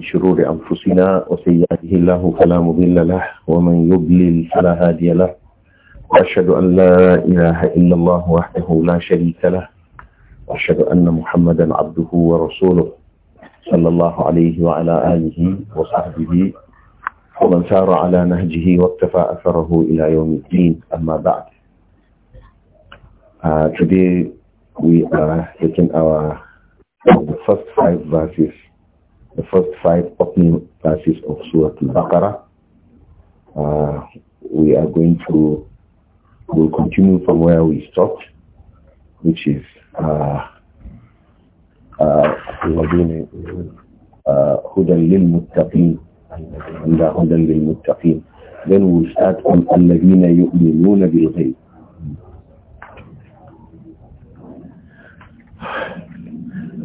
من شرور أنفسنا وسيئاته الله فلا مضل له ومن يضلل فلا هادي له وأشهد أن لا إله إلا الله وحده لا شريك له وأشهد أن محمدا عبده ورسوله صلى الله عليه وعلى آله وصحبه ومن سار على نهجه واقتفى أثره إلى يوم الدين أما بعد uh, Today we are taking our the first five verses the first five opening verses of Surah Al-Baqarah. Uh, we are going to, we'll continue from where we stopped, which is uh, uh, هدى للمتقين عند هدى للمتقين then we'll start on الذين يؤمنون بالغيب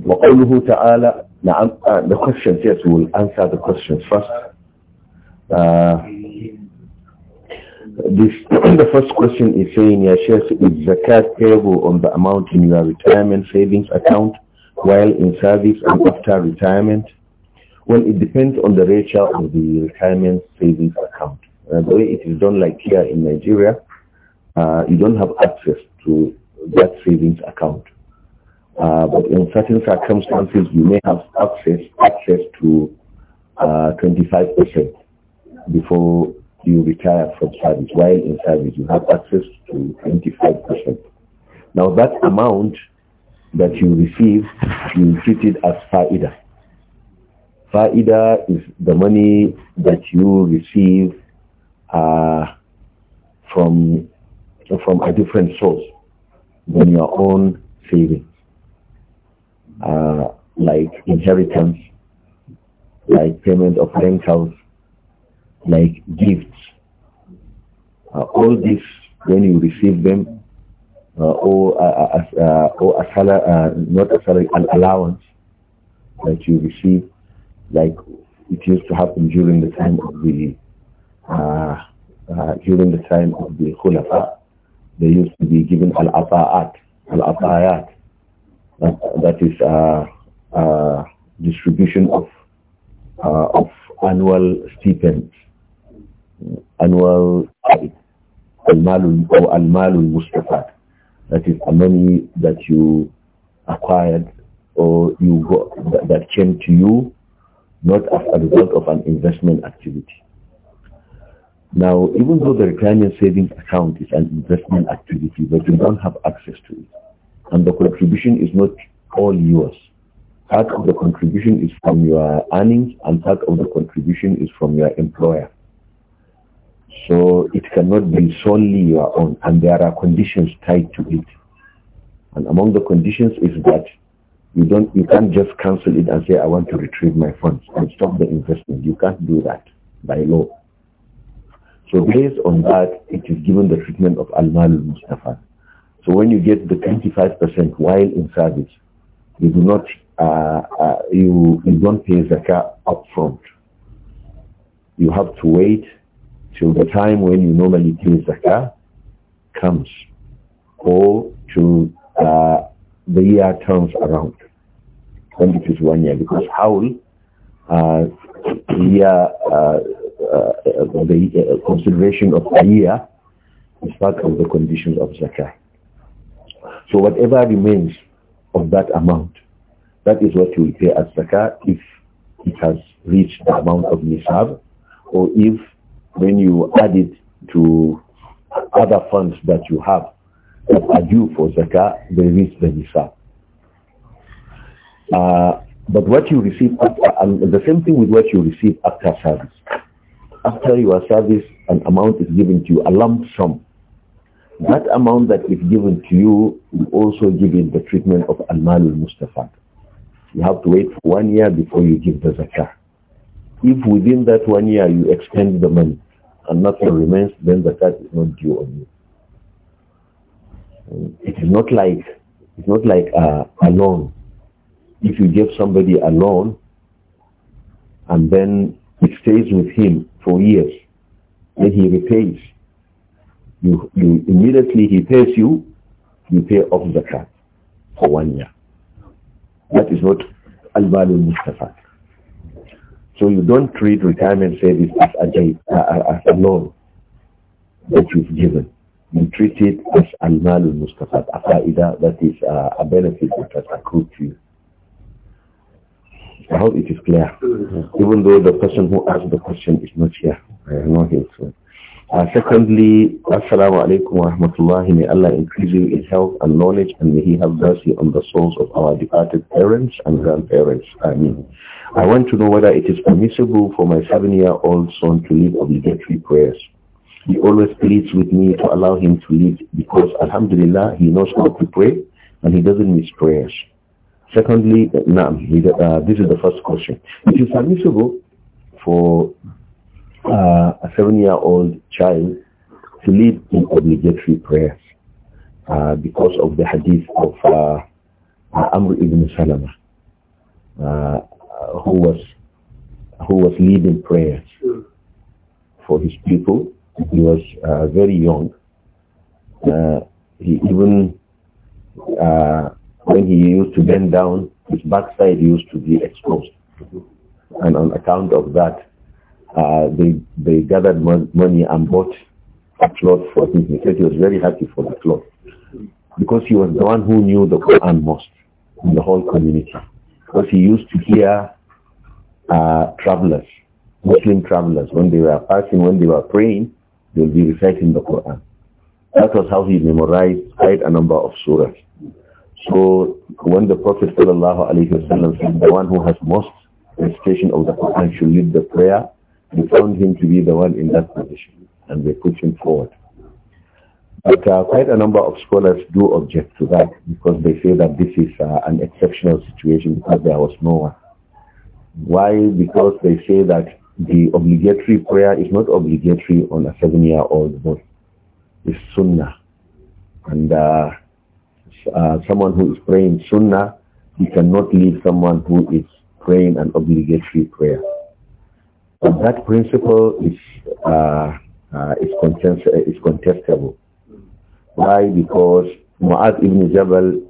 وقوله تعالى now, uh, the questions, yes, we will answer the questions first. Uh, this, the first question is saying, yeah, Sheikh, is zakat payable on the amount in your retirement savings account while in service and after retirement? Well, it depends on the ratio of the retirement savings account. Uh, the way it is done like here in Nigeria, uh, you don't have access to that savings account. Uh, but in certain circumstances, you may have access access to 25% uh, before you retire from service. While in service, you have access to 25%. Now that amount that you receive, you treat it as faida. Faida is the money that you receive uh, from from a different source than your own savings. Uh, like inheritance, like payment of rentals, like gifts. Uh, all this, when you receive them, uh, or, uh, uh as, uh, or a salary, not a salary, an allowance that you receive, like it used to happen during the time of the during the time of the Khulafa, they used to be given al-ata'at, al ataat uh, that is uh, uh, distribution of of annual stipends, annual al or al mustafat. mustafad. That is a money that you acquired or you got, that came to you not as a result of an investment activity. Now, even though the retirement savings account is an investment activity, but you don't have access to it and the contribution is not all yours. Part of the contribution is from your earnings and part of the contribution is from your employer. So it cannot be solely your own and there are conditions tied to it. And among the conditions is that you don't, you can't just cancel it and say, I want to retrieve my funds and stop the investment. You can't do that by law. So based on that, it is given the treatment of al mustafa so when you get the 25% while in service, you do not, uh, uh, you, you don't pay zakah front. You have to wait till the time when you normally pay zakah comes or till uh, the year turns around when it is one year because howl uh, uh, uh, the uh, consideration of a year is part of the conditions of zakah. So whatever remains of that amount, that is what you pay as zakah if it has reached the amount of nisab or if when you add it to other funds that you have that are due for zakah, they reach the nisab. Uh, but what you receive after, and the same thing with what you receive after service. After your service, an amount is given to you, a lump sum that amount that is given to you will also give in the treatment of Al-Malul You have to wait for one year before you give the zakah. If within that one year you expend the money and nothing remains, then the zakat is not due on you. it is not like it's not like a, uh, a loan. If you give somebody a loan and then it stays with him for years, then he repays you, you immediately he pays you, you pay off zakat for one year. That is what al-balul mustafa. So you don't treat retirement savings as a, as a loan that you've given. You treat it as al-malul mustafa, a faida that is a, uh, a benefit that has accrued to you. I hope it is clear, mm-hmm. even though the person who asked the question is not here. I know him, so. Uh, secondly, Assalamu alaikum wa rahmatullahi. May Allah increase you in health and knowledge and may He have mercy on the souls of our departed parents and grandparents. I mean, I want to know whether it is permissible for my seven-year-old son to lead obligatory prayers. He always pleads with me to allow him to lead because Alhamdulillah, he knows how to pray and he doesn't miss prayers. Secondly, uh, nah, uh, this is the first question. It is permissible for uh, a seven-year-old child to lead in obligatory prayers uh, because of the hadith of uh, uh Amr ibn Salama, uh, who was who was leading prayers for his people. He was uh, very young. he even when he used to bend down, his backside used to be exposed. And on account of that, uh, they, they gathered money and bought a cloth for him. He said he was very happy for the cloth because he was the one who knew the Quran most in the whole community. Because he used to hear uh, travelers, Muslim travelers, when they were passing, when they were praying, they would be reciting the Quran. That was how he memorized quite a number of surahs. So when the Prophet wasallam said, the one who has most recitation of the Quran should lead the prayer, we found him to be the one in that position, and we put him forward. But uh, quite a number of scholars do object to that because they say that this is uh, an exceptional situation because there was no one. Why? Because they say that the obligatory prayer is not obligatory on a seven-year-old boy. It's sunnah. And uh, uh, someone who is praying sunnah, he cannot leave someone who is praying an obligatory prayer that principle is uh, uh, is, contest uh, is contestable. Why? Because Mu'adh ibn Jabal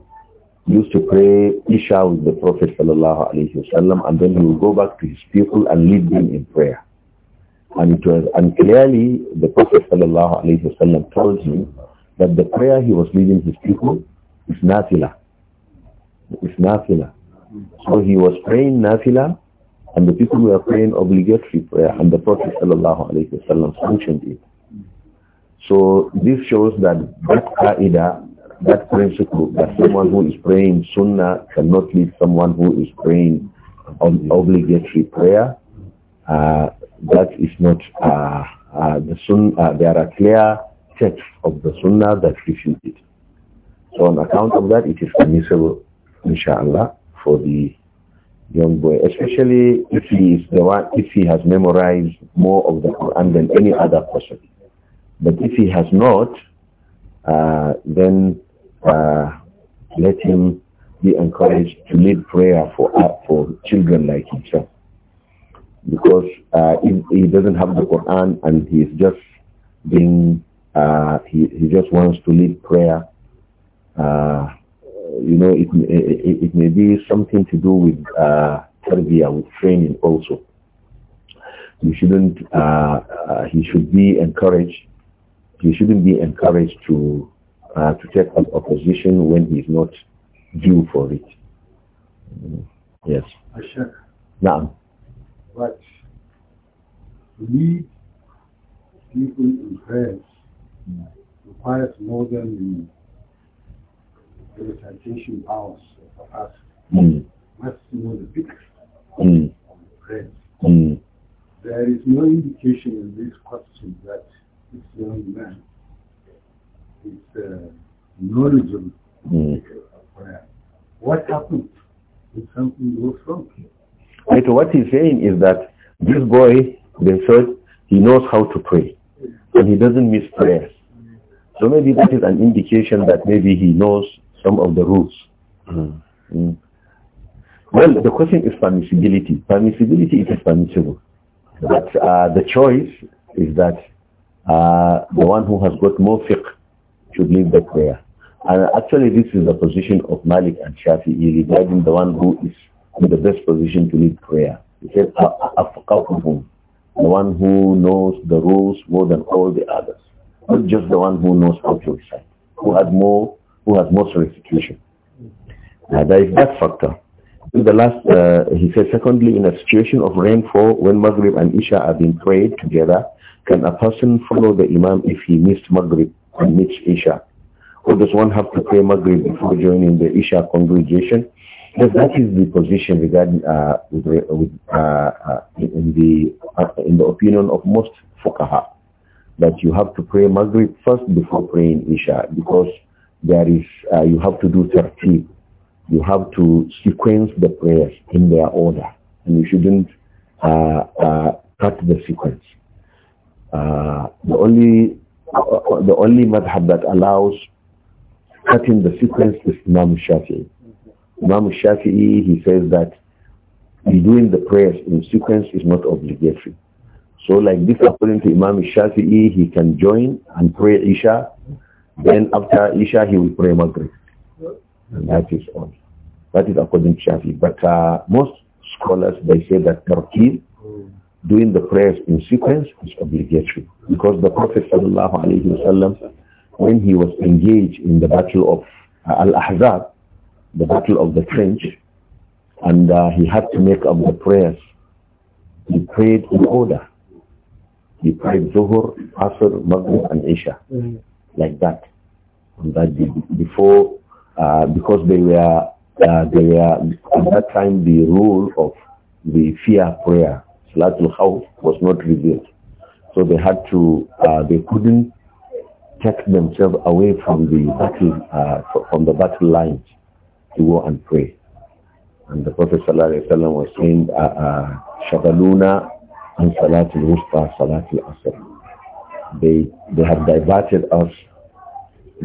used to pray Isha with the Prophet sallallahu wasallam, and then he would go back to his people and lead them in prayer. And it was and clearly the Prophet sallallahu wasallam told him that the prayer he was leading his people is nafila. It's nafila. So he was praying nafila and the people were praying obligatory prayer and the Prophet ﷺ sanctioned it. So this shows that that qaida, that principle that someone who is praying sunnah cannot lead someone who is praying on obligatory prayer, uh, that is not uh, uh, the sunnah. Uh, there are clear texts of the sunnah that refute it. So on account of that, it is permissible, inshallah, for the young boy, especially if he is the one, if he has memorized more of the Quran than any other person. But if he has not, uh, then uh, let him be encouraged to lead prayer for uh, for children like himself, because if uh, he doesn't have the Quran and he is just being uh, he he just wants to lead prayer. Uh, you know, it, it, it, may be something to do with uh, tarbiyah, with training also. You shouldn't, uh, uh, he should be encouraged, he shouldn't be encouraged to, uh, to take up opposition when he is not due for it. Mm. Yes. Sure. Now. But lead people in prayer requires more than recitation hours of us mm. maximum the six mm. of the Mm. There is no indication in this question that this young man is uh, knowledgeable mm. of prayer. What happens if something goes wrong? Right, what he's saying is that this boy, they said, he knows how to pray and he doesn't miss prayers. So maybe that is an indication that maybe he knows some of the rules. Mm. Mm. Well, the question is permissibility. Permissibility is permissible. But uh, the choice is that uh, the one who has got more fiqh should leave the prayer. And actually this is the position of Malik and Shafi'i regarding the one who is in the best position to lead prayer. He said, the one who knows the rules more than all the others. Not just the one who knows how to recite, who had more who has most restitution. Uh, there is that factor. In the last, uh, he said, secondly, in a situation of rainfall, when Maghrib and Isha are being prayed together, can a person follow the Imam if he missed Maghrib and missed Isha? Or does one have to pray Maghrib before joining the Isha congregation? Yes, that is the position regarding uh, with, with, uh, uh in the uh, in the opinion of most fuqaha that you have to pray Maghrib first before praying Isha because there is, uh, you have to do tartib. You have to sequence the prayers in their order. And you shouldn't uh, uh, cut the sequence. Uh, the only the only madhab that allows cutting the sequence is Imam Shafi'i. Imam Shafi'i, he says that doing the prayers in sequence is not obligatory. So like this, according to Imam Shafi'i, he can join and pray Isha then after Isha, he will pray Maghrib. And that is all. That is according to Shafi. But uh, most scholars, they say that doing the prayers in sequence, is obligatory. Because the Prophet wasallam, when he was engaged in the battle of uh, Al-Ahzab, the battle of the trench, and uh, he had to make up the prayers, he prayed in order. He prayed Zuhur, Asr, Maghrib, and Isha. Mm -hmm like that on that day before, uh, because they were, uh, they were, at that time the rule of the fear prayer, Salatul Khawf, was not revealed. So they had to, uh, they couldn't take themselves away from the battle, uh, from the battle lines to go and pray. And the Prophet ﷺ was saying, uh, uh, Shabaluna and Salatul Wusta, Salatul Asr. They, they have diverted us.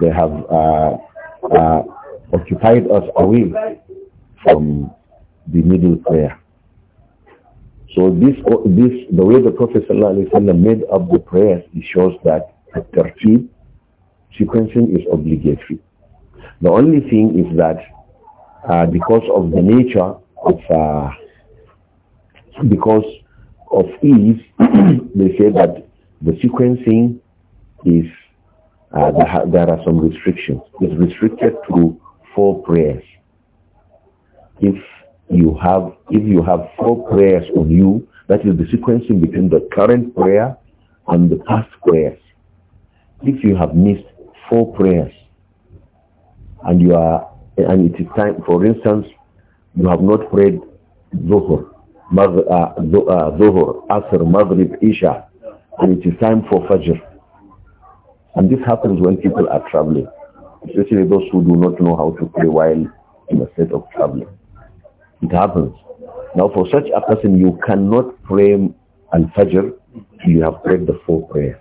They have uh, uh, occupied us away from the middle prayer. So this, this, the way the Prophet made up the prayers, it shows that tertib sequencing is obligatory. The only thing is that uh, because of the nature of, uh, because of ease, they say that the sequencing is, uh, there are some restrictions. It's restricted to four prayers. If you have, if you have four prayers on you, that is the sequencing between the current prayer and the past prayers. If you have missed four prayers and you are, and it is time, for instance, you have not prayed Zuhur, Dhuhr, uh, uh, Asr, Maghrib, Isha, and it is time for Fajr. And this happens when people are traveling, especially those who do not know how to pray while in a state of traveling. It happens. Now for such a person, you cannot pray Al-Fajr till you have prayed the four prayers.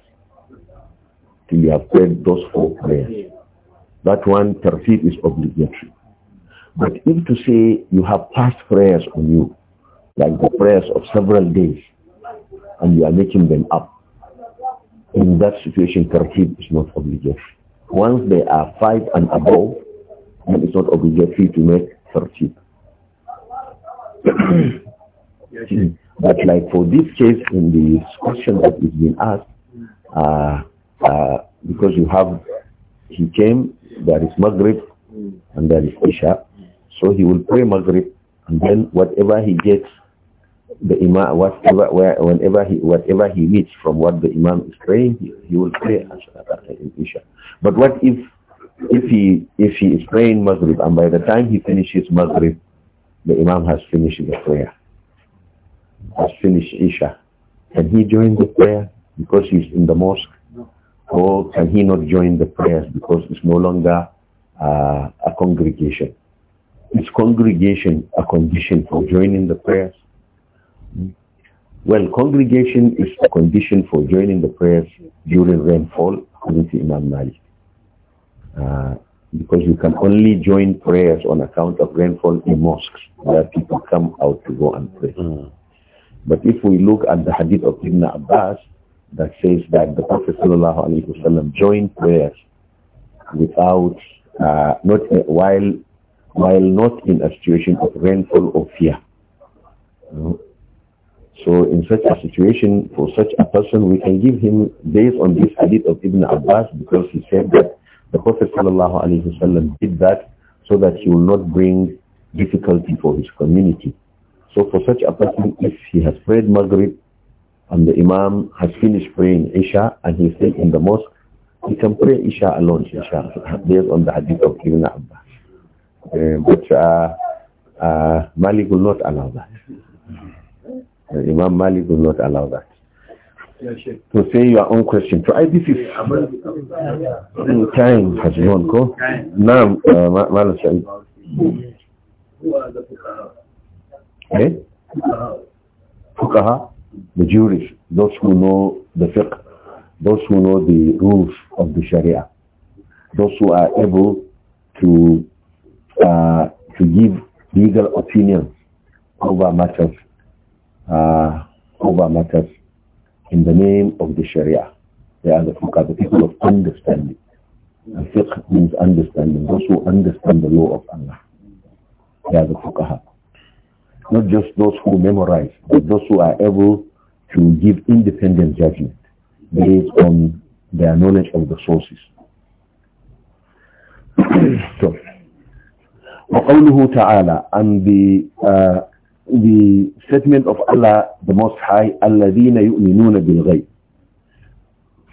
Till you have prayed those four prayers. That one, tarfid is obligatory. But if to say you have past prayers on you, like the prayers of several days, and you are making them up, in that situation, tartib is not obligatory. Once they are five and above, then it's not obligatory to make tartib. Hmm. but like for this case, in the question that is being asked, uh, uh, because you have, he came, there is Maghrib, and there is Isha, so he will pray Maghrib, and then whatever he gets the imam, whatever, where, whenever he, whatever he meets from what the imam is praying, he, he will pray in Isha. But what if, if he, if he is praying Maghrib and by the time he finishes Maghrib, the imam has finished the prayer, has finished Isha. Can he join the prayer because he's in the mosque? Or can he not join the prayers because it's no longer uh, a congregation? Is congregation a condition for joining the prayers? Well, congregation is a condition for joining the prayers during rainfall, according to Imam Malik. Uh, because you can only join prayers on account of rainfall in mosques where people come out to go and pray. Mm. But if we look at the hadith of Ibn Abbas that says that the Prophet ﷺ joined prayers without, uh, not while, while not in a situation of rainfall or fear. You know? So in such a situation, for such a person, we can give him based on this hadith of Ibn Abbas because he said that the Prophet ﷺ did that so that he will not bring difficulty for his community. So for such a person, if he has prayed Maghrib and the Imam has finished praying Isha and he stays in the mosque, he can pray Isha alone, Isha, based on the hadith of Ibn Abbas. Uh, but uh, uh, Malik will not allow that. And Imam Malik will not allow that. Yeah, To say your own question. Try. I, this is mm, time has gone. Go. Now, uh, Malam Sharif. Eh? Fuqaha, the jurists, those who know the fiqh, those who know the rules of the Sharia, those who are able to uh, to give legal opinions over matters uh, over matters in the name of the Sharia. They are the fuqah, the people of understanding. And fiqh means understanding, those who understand the law of Allah. They are the fuqaha. Not just those who memorize, but those who are able to give independent judgment based on their knowledge of the sources. so, وقوله تعالى and the uh, the statement of Allah, the Most High, الَّذِينَ يُؤْمِنُونَ بِالْغَيْبِ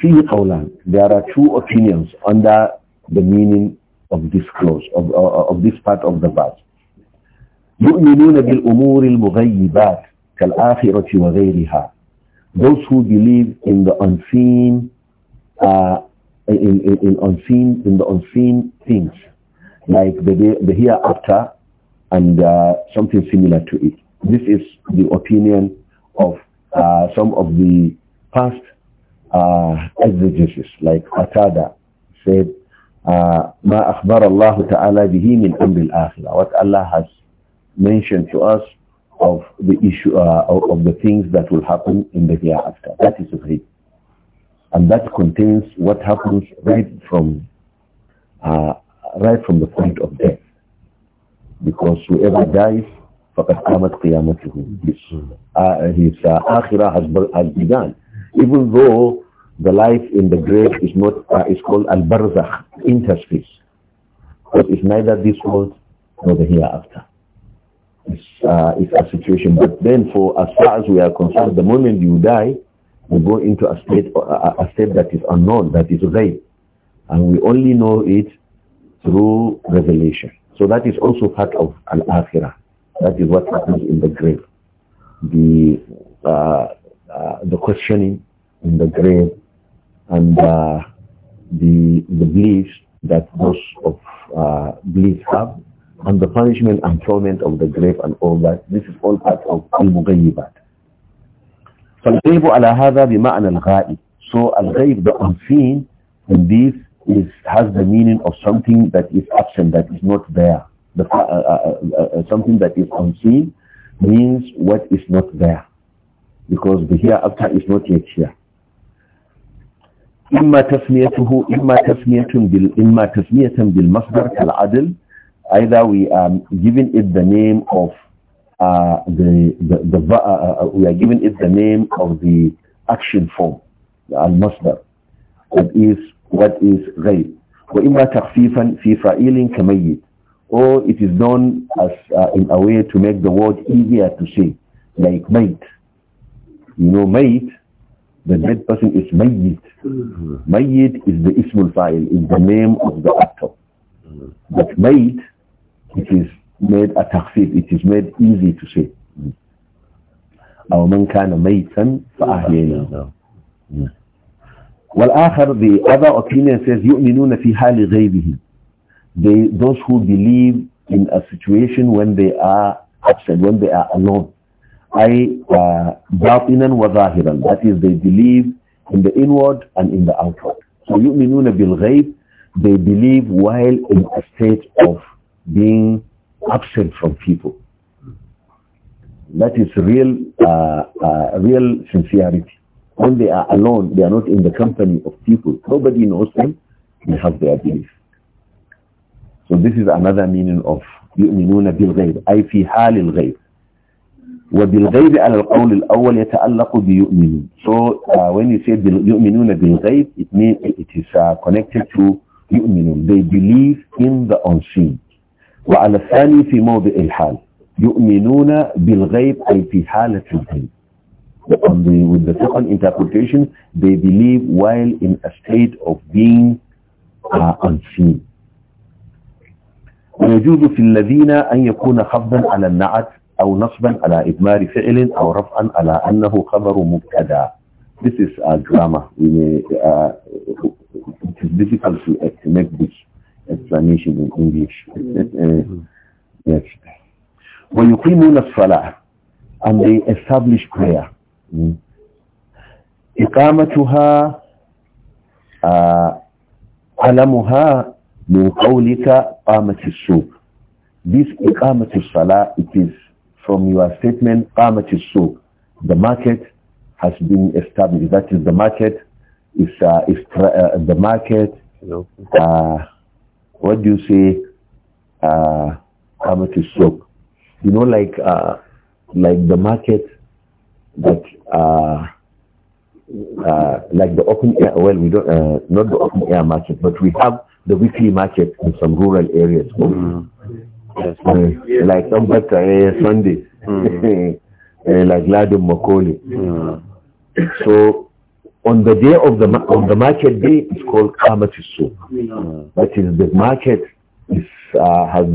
فِيهِ قَوْلًا There are two opinions under the meaning of this clause, of, uh, of this part of the verse. يُؤْمِنُونَ بِالْأُمُورِ الْمُغَيِّبَاتِ كَالْآخِرَةِ وَغَيْرِهَا Those who believe in the unseen, uh, in, in, in, unseen, in the unseen things, like the, the hereafter and uh, something similar to it. This is the opinion of uh, some of the past uh, exegesis, like Atada said, ما أخبر الله تعالى به من أمر الآخرة. What Allah has mentioned to us of the issue uh, of the things that will happen in the hereafter. That is agreed, And that contains what happens right from uh, right from the point of death. Because whoever dies فقد قامت قيامته. His, uh, his uh, akhirah has, has begun. Even though the life in the grave is not uh, is called al-barzakh, interspace. But it's neither this world nor the hereafter. It's, uh, it's a situation. But then for as far as we are concerned, the moment you die, you go into a state, uh, a state that is unknown, that is vague. And we only know it through revelation. So that is also part of al-akhirah. That is what happens in the grave. The, uh, uh, the questioning in the grave and uh, the, the beliefs that those of uh, beliefs have and the punishment and torment of the grave and all that. This is all part of al-mughayyibat. فالغيب على هذا بمعنى الغائب. So al ghayb the unseen, in this is, has the meaning of something that is absent, that is not there the, uh, uh, uh, uh, something that is unseen means what is not there. Because the hereafter is not yet here. إما تسميته إما تسمية بال إما تسمية بالمصدر كالعدل either we are giving it the name of uh, the the, the uh, we are giving it the name of the action form al المصدر that is what is غير وإما تخفيفا في فاعل كميت or it is done as uh, in a way to make the word easier to say, like mate. You know, mate, the dead person is mayit. Mayit mm-hmm. is the ismul file, is the name of the actor. Mm-hmm. But mate, it is made a taqsid, it is made easy to say. أو من كان ميتا والآخر the other opinion says يؤمنون في حال غيبهم they, those who believe in a situation when they are absent, when they are alone. I, uh, batinan wa zahiran. That is, they believe in the inward and in the outward. So yu'minuna bil ghayb, they believe while in a state of being absent from people. That is real, uh, uh, real sincerity. When they are alone, they are not in the company of people. Nobody knows them. They have their belief. So this is another meaning of يؤمنون بالغيب أي في حال الغيب وبالغيب على القول الأول يتعلق بيؤمنون so uh, when you say يؤمنون بالغيب it means it is uh, connected to يؤمنون they believe in the unseen وعلى الثاني في موضع الحال يؤمنون بالغيب أي في حالة الغيب on the, with the second interpretation they believe while in a state of being uh, unseen ويجوز في الذين أن يكون خفضا على النعت أو نصبا على إدمار فعل أو رفعا على أنه خبر مبتدا This is a grammar. We may, uh, it is difficult to, to make this explanation in English. yes. ويقيمون الصلاة and they establish prayer. إقامتها uh, علمها min qawlika this iqamatis it is from your statement qamatis suq the market has been established that is the market is uh, is uh, the market uh, what do you say uh qamatis you know like uh like the market that uh uh, like the open air, well, we don't, uh, not the open air market, but we have the weekly market in some rural areas. Mm. Yes. Uh, like Umbata uh, Sunday, mm. Uh, like Ladum Makoli. Mm. So on the day of the, on the market day, it's called Kamatisu, Mm. That is, the market is, uh, has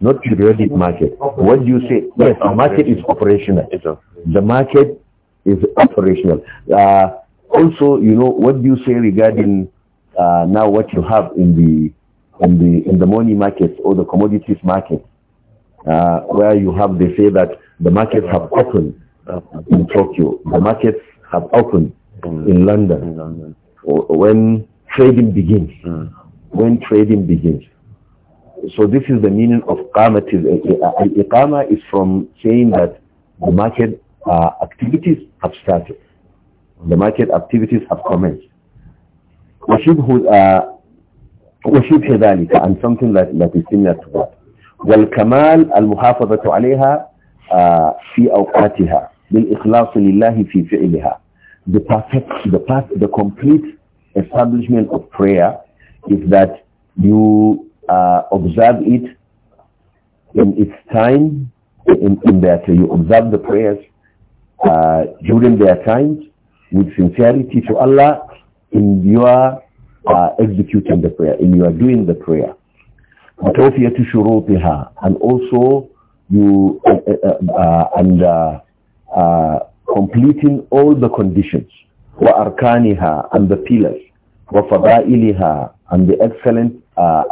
not periodic market. What do you say? Yes, the market is operational. The market is operational. Uh, also, you know, what do you say regarding uh, now what you have in the in the in the money markets or the commodities market, uh, where you have they say that the markets have opened uh, in Tokyo, the markets have opened mm. in London. In London. When trading begins, mm. when trading begins. So this is the meaning of qama. Karma is from saying that the market uh, activities have started. The market activities have commenced. Uh, وشبه ذلك and something that, that is similar to that. والكمال المحافظة عليها uh, في أوقاتها بالإخلاص لله في فعلها. The perfect, the, perfect, the complete establishment of prayer is that you uh, observe it in its time, in, in that you observe the prayers uh, during their times with sincerity to Allah in your uh, executing the prayer, in your doing the prayer. and also you uh, uh, uh, uh and uh, completing all the conditions وأركانها and the pillars وفضائلها and the excellent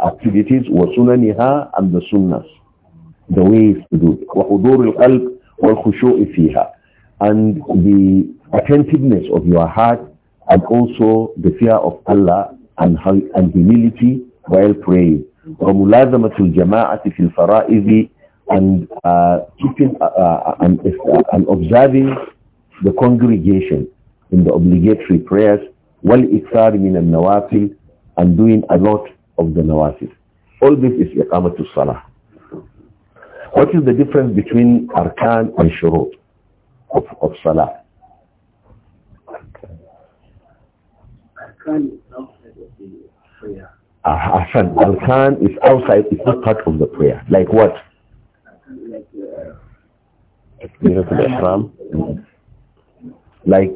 activities وسننها and the sunnas the ways to do it وحضور القلب والخشوع فيها and the attentiveness of your heart and also the fear of Allah and, and humility while praying. وملازمة الجماعة في الفرائض and uh, keeping uh, uh and, uh, and observing the congregation in the obligatory prayers min al nawafil and doing a lot of the nawafil. All this is iqamatul salah. What is the difference between arkan and shurut? of, of Salah. Ah, Hassan, Al-Khan is outside, it's not part of the prayer. Like what? Like, uh, like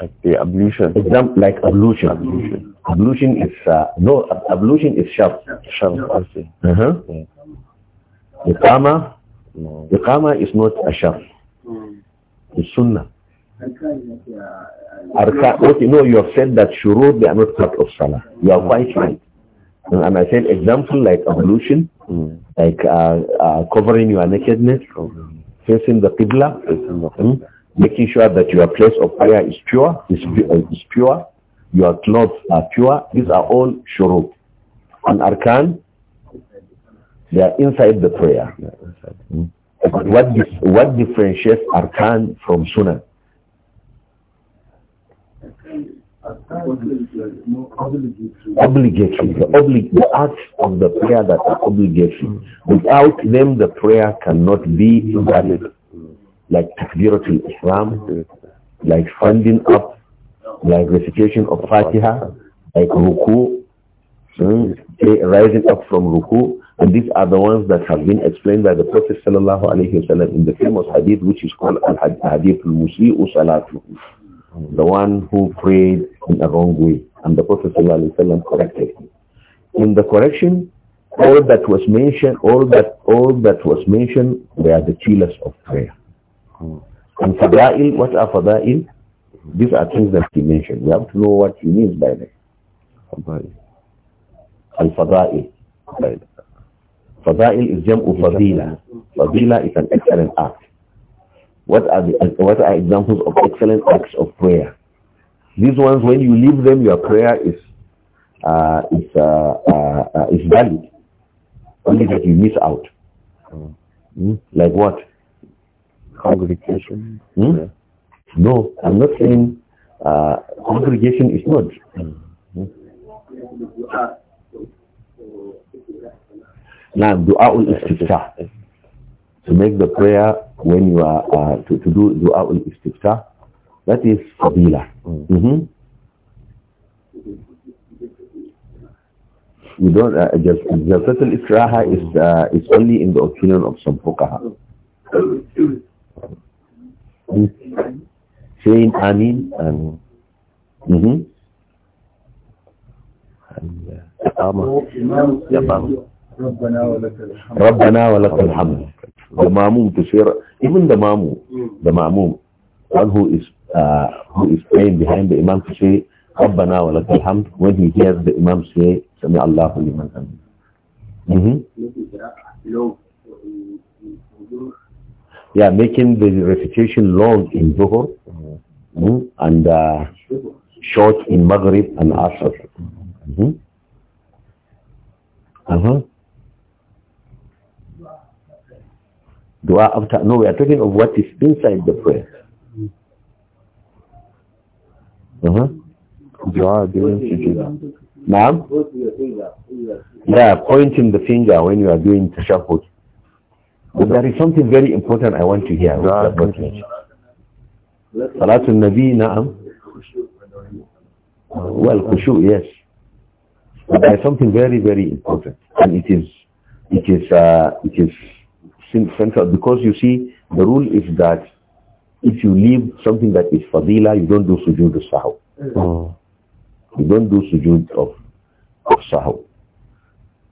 like the ablution. Example, like ablution. Ablution, ablution is uh, no ablution is sharp. Sharp. Uh huh. Yeah. kama, No. kama is not a sharp the sunnah. Arkan, okay, no, you have said that shurud, they are not part of salah. You are quite right. And I said example like ablution, mm. like uh, uh, covering your nakedness, mm. facing the qibla, mm. making sure that your place of prayer is pure, is, uh, is pure, your clothes are pure. These are all shurud. And arkan, they are inside the prayer. Yeah, inside. Hmm. But what, what differentiates Arkan from sunnah? Obligatory. The, obli the acts of the prayer that are obligatory. Without them, the prayer cannot be valid. Like takbiratul Islam, like standing up, like recitation of Fatiha, like ruku, hmm, rising up from ruku, and these are the ones that have been explained by the Prophet sallallahu alayhi wasallam in the famous hadith which is called al-hadith al-musi'u salatu. The one who prayed in a wrong way. And the Prophet sallallahu alayhi wasallam corrected him. In the correction, all that was mentioned, all that, all that was mentioned were the chillers of prayer. And fada'il, what are fada'il? These are things that he mentioned. We have to know what he means by that. Al-fada'il. Fadail is jam'u fadila. Fadila is an excellent act. What are, the, what are examples of excellent acts of prayer? These ones, when you leave them, your prayer is, uh, is, uh, uh, uh is valid. Only that you miss out. Mm? Like what? Congregation. Hmm? Yeah. No, I'm not saying uh, congregation is not. Mm. Mm. Now, dua ul istiftah To make the prayer when you are, uh, to, to do dua ul-istiqāh. that is fadila. Mm -hmm. You don't, uh, just al-Israha is, uh, is only in the opinion of some fuqaha. Saying Amin and... Mm -hmm. and uh, Yabama. Yabama. ربنا ولك الحمد ربنا ولك الحمد ده ماموم تشير share ده ماموم ده ماموم قال هو اس هو uh, who is praying behind ربنا ولك الحمد when he hears the imam say سمع الله لمن حمد mm -hmm. yeah making the recitation long in Zuhur mm -hmm. and uh, short in Maghrib and Asr mm -hmm. uh -huh. Dua after, no, we are talking of what is inside the prayer. Uh-huh. Ma'am? Yeah, pointing the finger when you are doing tashahhud. But there is something very important I want to hear. Salatul Nabi, na'am. Uh, well, khushu, yes. there is something very, very important. And it is, it is, uh, it is central because you see the rule is that if you leave something that is fadila, you don't do sujood of sahw. Hmm. You don't do sujood of, of sahw.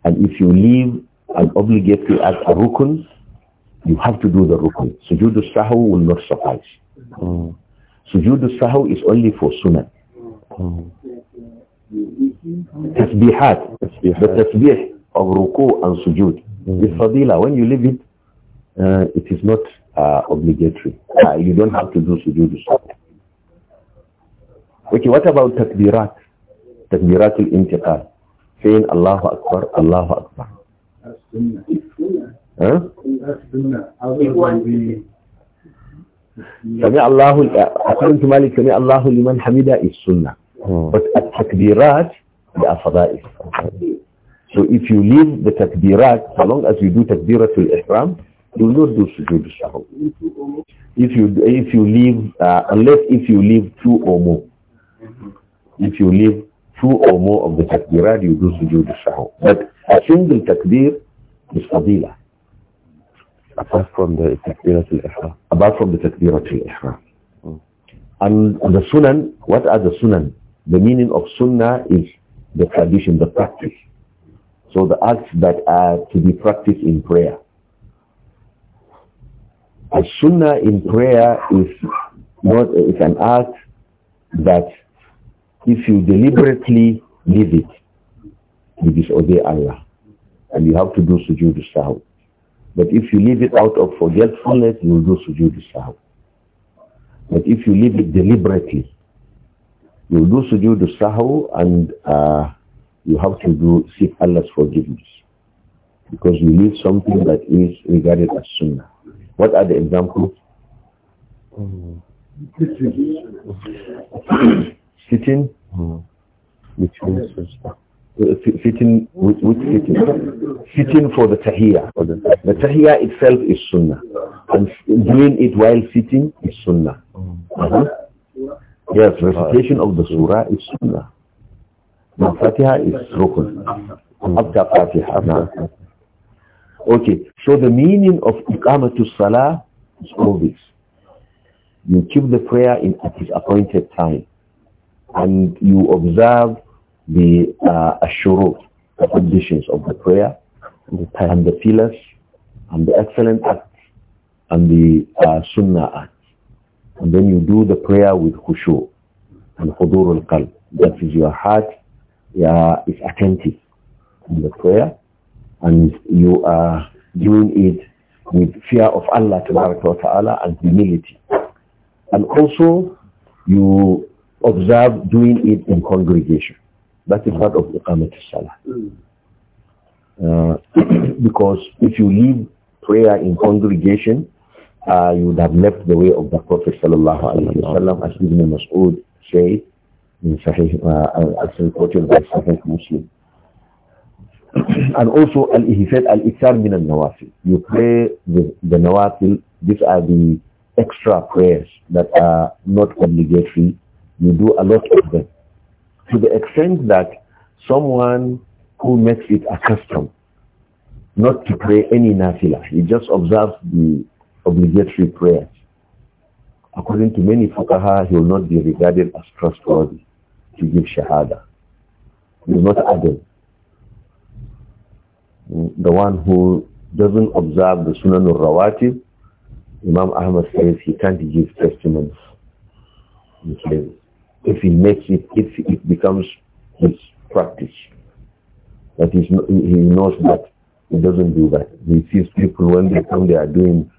And if you leave an obligatory as a rukun, you have to do the rukun. Sujood of sahw will not suffice. Mm. Sujood of sahw is only for sunnah. Mm. Tasbihat, the tasbih of ruku and sujood. Mm. fadila. When you leave it, uh, it is not uh, obligatory. Uh, you don't have to do sujood Okay, what about takbirat? Takbirat al-intiqal. Saying Allahu Akbar, Allahu Akbar. Allahu. سمع uh, الله according to Malik سمع الله لمن حمده is sunnah hmm. but at takbirat they are fada'if so if you leave the takbirat so long as you do takbiratul ihram you not do sujood sahwi. If you if you leave uh, unless if you leave two or more. If you leave two or more of the takbirat, you do sujood sahwi. But a single takbir is fadila. Apart from the takbirat al-ihram. Apart from the takbirat al-ihram. And the sunan, what are the sunan? The meaning of sunnah is the tradition, the practice. So the acts that are to be practiced in prayer. A sunnah in prayer is not is an act that if you deliberately leave it, you disobey Allah. And you have to do sujood sahw. But if you leave it out of forgetfulness, you will do sujood sahw. But if you leave it deliberately, you will do sujood sahw and uh, you have to do seek Allah's forgiveness. Because you leave something that is regarded as sunnah. What are the examples? Sitting? Hmm. Which means uh, fitting with, sitting? for the tahiya. the tahiya itself is sunnah and doing it while sitting is sunnah uh -huh. yes recitation of the surah is sunnah the fatiha is rukun after fatiha Okay, so the meaning of Iqamatul Salah is all this. You keep the prayer in at its appointed time and you observe the uh, ashurut, the conditions of the prayer and the pillars and the excellent acts and the uh, sunnah acts. And then you do the prayer with khushu and Khudur al-qalb. That is your heart yeah, is attentive in the prayer and you are doing it with fear of Allah ta'ala and humility. And also you observe doing it in congregation. That is part of Iqamat Salah. Uh, because if you leave prayer in congregation, uh, you would have left the way of the Prophet sallallahu alaihi wasallam, as Ibn Mas'ud said in Sahih, uh, as reported by Sahih Muslim. and also he said al-iktar min al-nawafil. You pray the, the nawafil. These are the extra prayers that are not obligatory. You do a lot of them. To the extent that someone who makes it a custom not to pray any nafila, he just observes the obligatory prayers. According to many fuqaha, he will not be regarded as trustworthy to give shahada. He is not added the one who doesn't observe the Sunan al-Rawatib, Imam Ahmad says he can't give testimonies. Okay. If he makes it, if it becomes his practice, that he knows that he doesn't do that. He sees people when they come, they are doing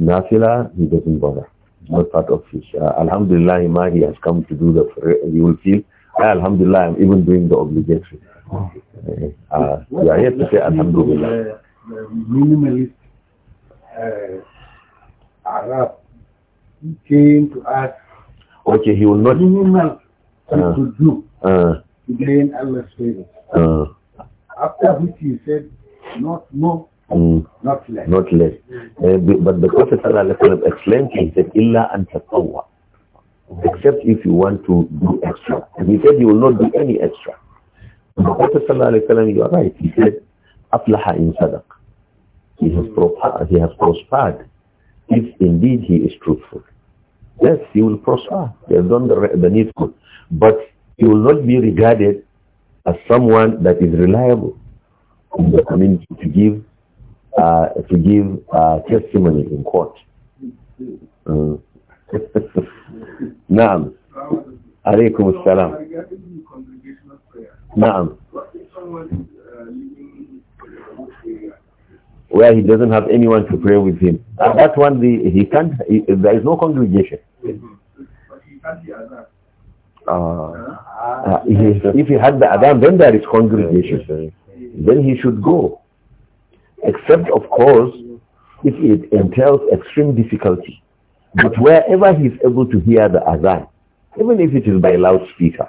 nafila, he doesn't bother. It's not part of his. Uh, Alhamdulillah, Imam, he has come to do the, you will feel Alhamdulillah, I'm even doing the obligatory. Oh. Uh, we are here to say Alhamdulillah. Uh, minimalist uh, Arab came to us. Okay, he will not. Minimal uh, to do uh, to gain Allah's favor. Uh, After which he said, not more. Mm, not less. Not less. Mm. Uh, but the Prophet explained, he said, "Illa an tatawwa." except if you want to do extra. And he said you will not do any extra. The Prophet ﷺ, you are right. He said, "Aflaha in sadaq." He has, he has prospered if indeed he is truthful. Yes, he will prosper. He has done the, the needful. But he will not be regarded as someone that is reliable in the community to give uh, to give uh, testimony in court. Uh, Naam. Alaykum as-salam. Naam. Where he doesn't have anyone to pray with him. And that one, the, he can't, he, there is no congregation. Uh, uh, if he had the Adam, then there is congregation. Then he should go. Except, of course, if it entails extreme difficulty. But wherever he is able to hear the Azan, even if it is by loudspeaker,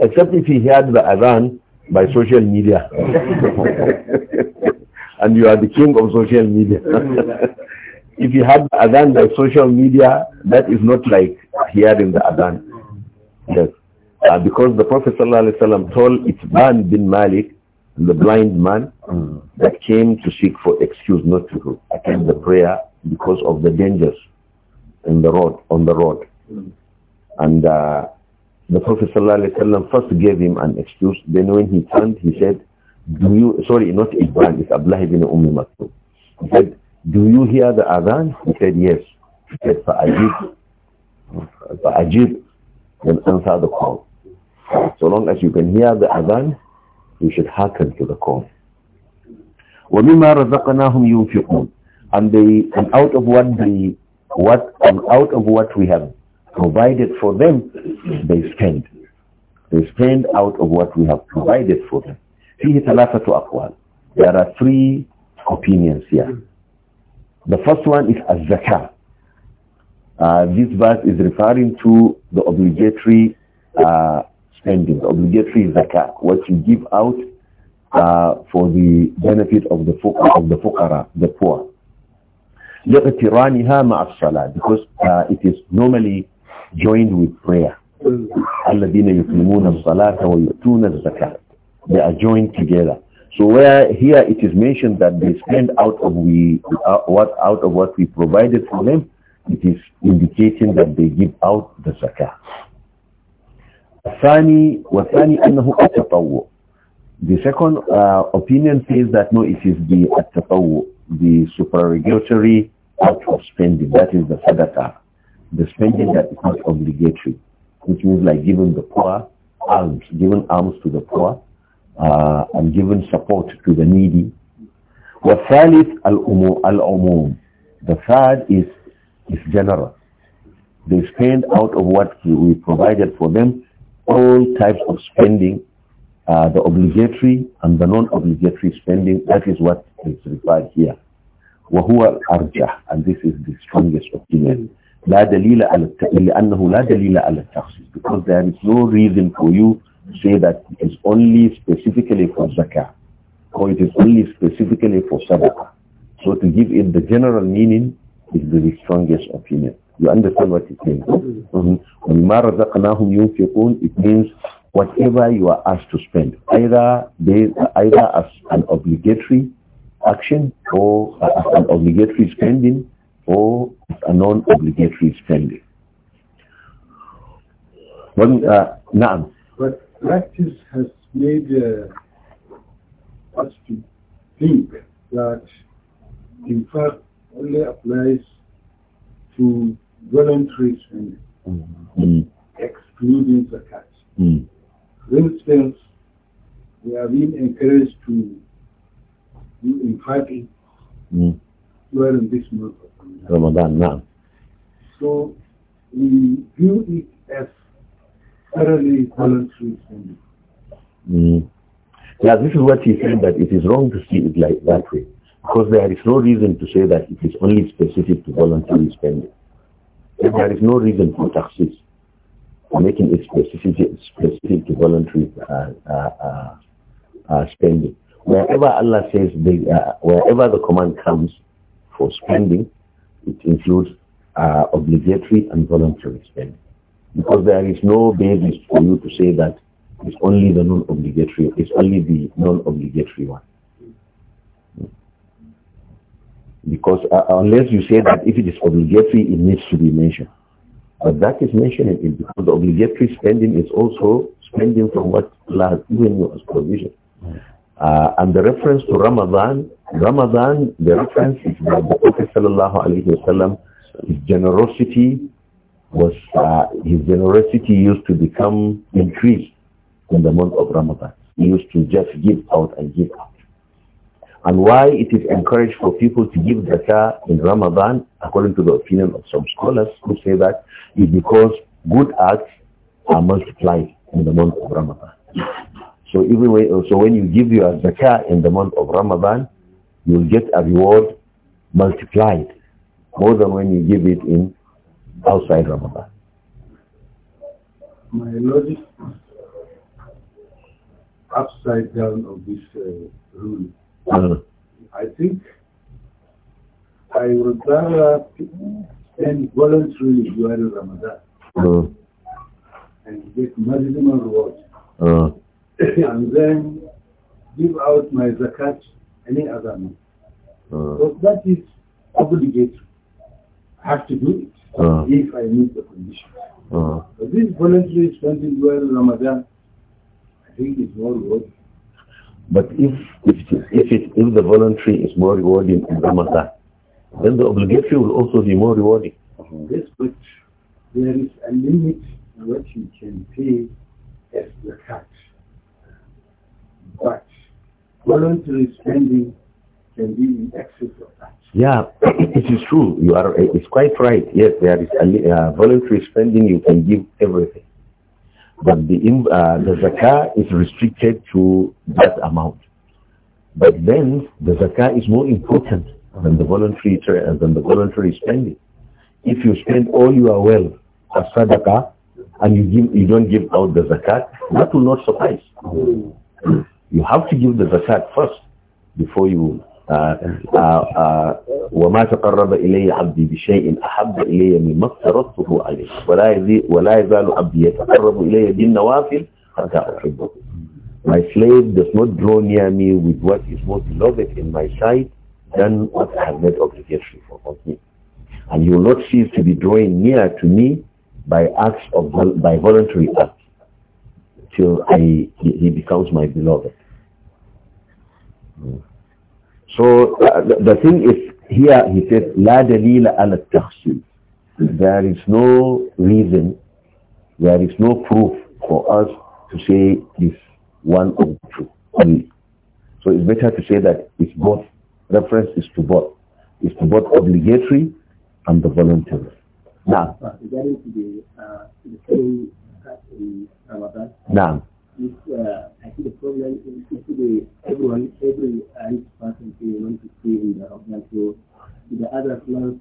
except if he heard the Azan by social media. and you are the king of social media. if you had Adhan by social media, that is not like hearing the Adhan. Yes. Uh, because the Prophet ﷺ told Itban bin Malik, the blind man, mm. that came to seek for excuse not to attend the prayer because of the dangers in the road, on the road. Mm. And uh, the Prophet ﷺ first gave him an excuse. Then when he turned, he said, do you, sorry, not Ibn, it's Abdullah ibn Umm Maktoum. He said, do you hear the adhan? He said, yes. He said, فَأَجِبْ فَأَجِبْ Then answer the call. So long as you can hear the adhan, you should hearken to the call. وَمِمَّا رَزَقْنَاهُمْ يُنْفِقُونَ And, they, and out of what they what um, out of what we have provided for them, they spend. They spend out of what we have provided for them. فيه ثلاثة أقوال. There are three opinions here. The first one is az-zakah. Uh, this verse is referring to the obligatory uh, spending, the obligatory zakah, what you give out uh, for the benefit of the, of the fuqara, the poor. لِقْتِرَانِهَا مَعَ الصَّلَاةِ Because uh, it is normally joined with prayer. الَّذِينَ الصَّلَاةَ وَيُؤْتُونَ الزَّكَاةَ They are joined together. So where here it is mentioned that they spend out of we uh, what out of what we provided for them, it is indicating that they give out the zakah. الثاني والثاني أنه التطوع. The second uh, opinion says that no, it is the التطوع the supererogatory out of spending, that is the sadaqah, the spending that is not obligatory, which means like giving the poor alms, giving alms to the poor, uh, and giving support to the needy. al الْعُمُومِ The third is, is general. They spend out of what we provided for them, all types of spending uh, the obligatory and the non-obligatory spending, that is what is required here. وهو الأرجح and this is the strongest opinion. لا دليل على لأنه لا دليل على التخصيص because there is no reason for you to say that it is only specifically for zakah or it is only specifically for sadaqah. So to give it the general meaning is the strongest opinion. You understand what it means? Mm -hmm. وَمِمَا رَزَقْنَاهُمْ يُنْفِقُونَ It means whatever you are asked to spend, either they, either as an obligatory action or as an obligatory spending or as a non-obligatory spending. When, uh, But practice has made uh, us to think that in fact only applies to voluntary spending, mm -hmm. excluding the Mm resistance, we are being encouraged to do in fighting mm. during this month of Ramadan. now. So we view it as thoroughly voluntary spending. Mm. Yeah, this is what he said that it is wrong to see it like that way because there is no reason to say that it is only specific to voluntary spending. There is no reason for taxes making it specific, specific to voluntary uh, uh, uh, uh spending. Wherever Allah says, uh, wherever the command comes for spending, it includes obligatory and voluntary spending. Because there is no basis for you to say that it's only the non-obligatory, it's only the non-obligatory one because uh, unless you say that if it is obligatory, it needs to be mentioned. But that is mentioning it because the obligatory spending is also spending from what Allah has given you as provision. Uh, and the reference to Ramadan, Ramadan, the reference is that the Prophet sallallahu alaihi wasallam, his generosity was, uh, his generosity used to become increased in the month of Ramadan. He used to just give out and give out and why it is encouraged for people to give zakah in Ramadan, according to the opinion of some scholars who say that, is because good acts are multiplied in the month of Ramadan. So even when, so when you give your zakah in the month of Ramadan, you will get a reward multiplied more than when you give it in outside Ramadan. My logic upside down of this uh, rule uh-huh. I think I would rather spend voluntarily during Ramadan uh, and get maximum reward. Uh, uh-huh. and then give out my zakat any other month. Uh, so that is obligatory. I have to do it if I meet the conditions. but this voluntary spending during Ramadan, I think is more worth but if if if, it, if the voluntary is more rewarding in Ramadan, then the obligatory will also be more rewarding. Yes, but there is a limit to what you can pay as the cut. But voluntary spending can be in excess of that. Yeah, it is true. You are. It's quite right. Yes, there is a, uh, voluntary spending. You can give everything. But the, uh, the zakah is restricted to that amount. But then the zakah is more important than the voluntary uh, than the voluntary spending. If you spend all your wealth as sadaqah and you give you don't give out the zakat, that will not suffice. You have to give the zakat first before you uh, uh, uh, وما تقرب إلي عبدي بشيء أحب إلي مما افترضته عليه ولا ولا يزال عبدي يتقرب إلي بالنوافل حتى أحبه My slave does not draw near me with what is most beloved in my sight than what I have made obligation for of me. And you will not cease to be drawing near to me by acts of by voluntary acts till I he, he becomes my beloved. Hmm. So uh, the, the, thing is, here he says, لا دليل على التخصيص. There is no reason, there is no proof for us to say this one or two So it's better to say that it's both. Reference is to both. It's to both obligatory and the voluntary. Now. Regarding to the, uh, the uh, Ramadan. Now if uh, I see the problem it if be everyone, every rich person who want to see in the organ, so the other class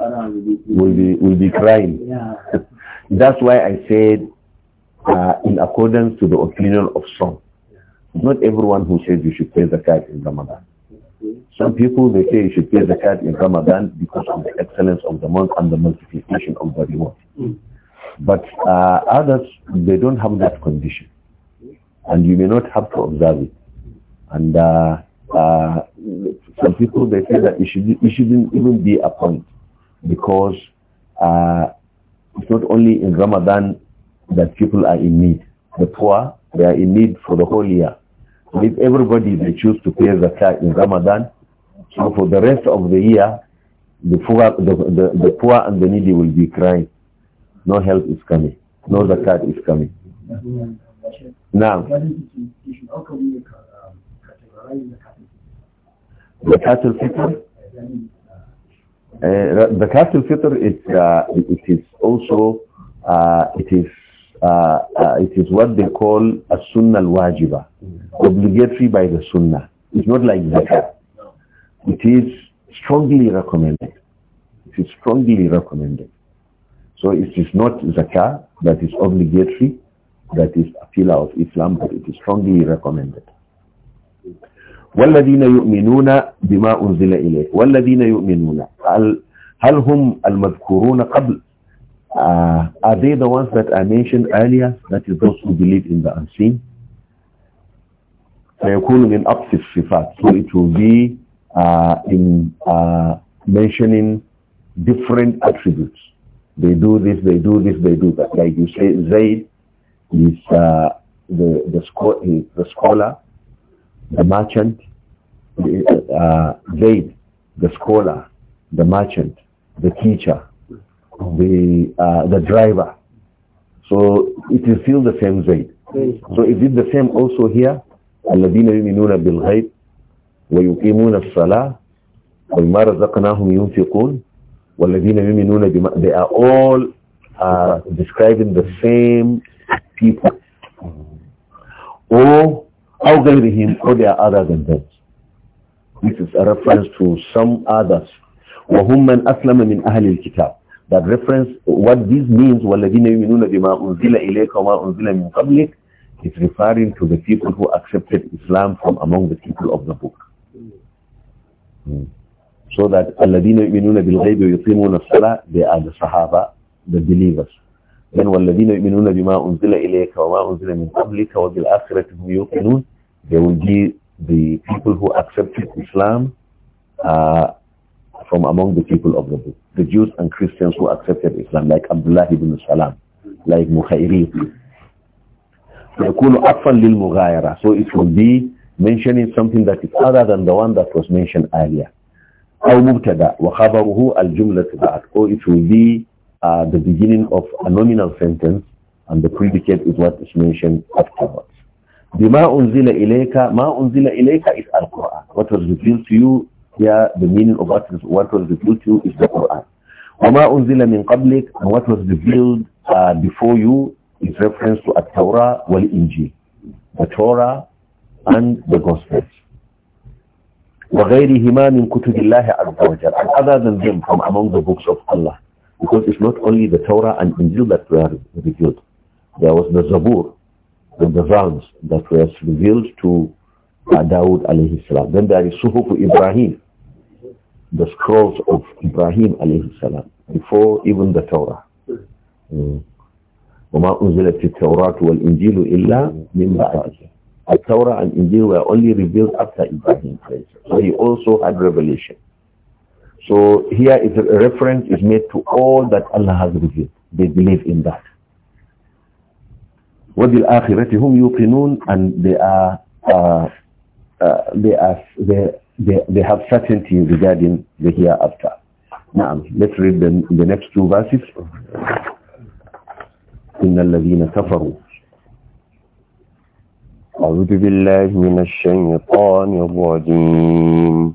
around will be, will be, will be crying. Yeah. That's why I said uh, in accordance to the opinion of some. Not everyone who says you should pay the card in Ramadan. Some people, they say you should pay the card in Ramadan because of the excellence of the month and the multiplication of the reward. Mm. But uh, others, they don't have that condition and you may not have to observe it. And uh, uh, some people, they say that it, should, it shouldn't even be a point because uh, it's not only in Ramadan that people are in need. The poor, they are in need for the whole year. So if everybody, they choose to pay zakat in Ramadan, so for the rest of the year, the poor, the, the, the poor and the needy will be crying. No help is coming. No zakat is coming. Now, the al-Fitr? The al-Fitr, it, uh, it is also, uh, it is uh, uh, it is what they call a sunnah al-wajiba, obligatory by the sunnah. It's not like zakat. It is strongly recommended. It is strongly recommended. So it is not zakat that is obligatory, that is a pillar of Islam, but it is strongly recommended. والذين يؤمنون بما أنزل إليه والذين يؤمنون هل هم قبل uh, are they the ones that I mentioned earlier that is those who believe in the unseen فيكون من أقصى الصفات so it will be uh, in uh, mentioning different attributes they do this they do this they do that like you say Zaid is uh, the, the, the scholar, the merchant, the, uh, Zaid, the scholar, the merchant, the teacher, the, uh, the driver. So it is still the same Zaid. So is it the same also here? الذين يؤمنون بالغيب ويقيمون الصلاة رزقناهم ينفقون والذين يؤمنون بما they are all uh, describing the same people. Mm. Or how him, or they are other than that. This is a reference to some others. وَهُمْ aslam min مِنْ kitab. That reference, what this means, وَالَّذِينَ يُؤْمِنُونَ بِمَا أُنْزِلَ إِلَيْكَ وَمَا أُنْزِلَ مِنْ قَبْلِكَ is referring to the people who accepted Islam from among the people of the book. Hmm. So that الَّذِينَ يُؤْمِنُونَ بِالْغَيْبِ وَيُقِيمُونَ الصَّلَاةِ They are the Sahaba the believers then والذين يؤمنون بما أنزل إليك وما أنزل من قبلك وبالآخرة هم يوقنون they will be the people who accepted Islam uh, from among the people of the book the Jews and Christians who accepted Islam like Abdullah ibn Salam like Mukhairik فيكون عطفا للمغايرة so it will be mentioning something that is other than the one that was mentioned earlier أو مبتدا وخبره الجملة بعد or it will be uh, the beginning of a nominal sentence and the predicate is what is mentioned afterwards. Bima unzila ilayka, ma unzila ilayka is al-Qur'an. What was revealed to you here, the meaning of what, is, what was revealed to you is the Qur'an. وَمَا أُنزِلَ min قَبْلِكَ And what was revealed uh, before you is reference to At-Tawrah wal-Injil. The Torah and the Gospels. وَغَيْرِهِمَا مِنْ كُتُبِ اللَّهِ عَزَّ وَجَلَ And other than them from among the books of Allah. Because it's not only the Torah and Injil that were revealed. There was the Zabur and the Psalms that was revealed to uh, Dawood alayhi salam. Then there is Suhuf Ibrahim, the scrolls of Ibrahim alayhi salam, before even the Torah. Mm. وما أنزلت التوراة والإنجيل إلا من بعده The Torah and Injil were only revealed after Ibrahim. So he also had revelation. So here is a reference is made to all that Allah has revealed. They believe in that. Wadil وَبِالْآخِرَةِ هُمْ يُقِنُونَ And they are, uh, uh, they, are they, they, they have certainty regarding the hereafter. Now, let's read the, the next two verses. إِنَّ الَّذِينَ كَفَرُوا أعوذ بالله من الشيطان الرجيم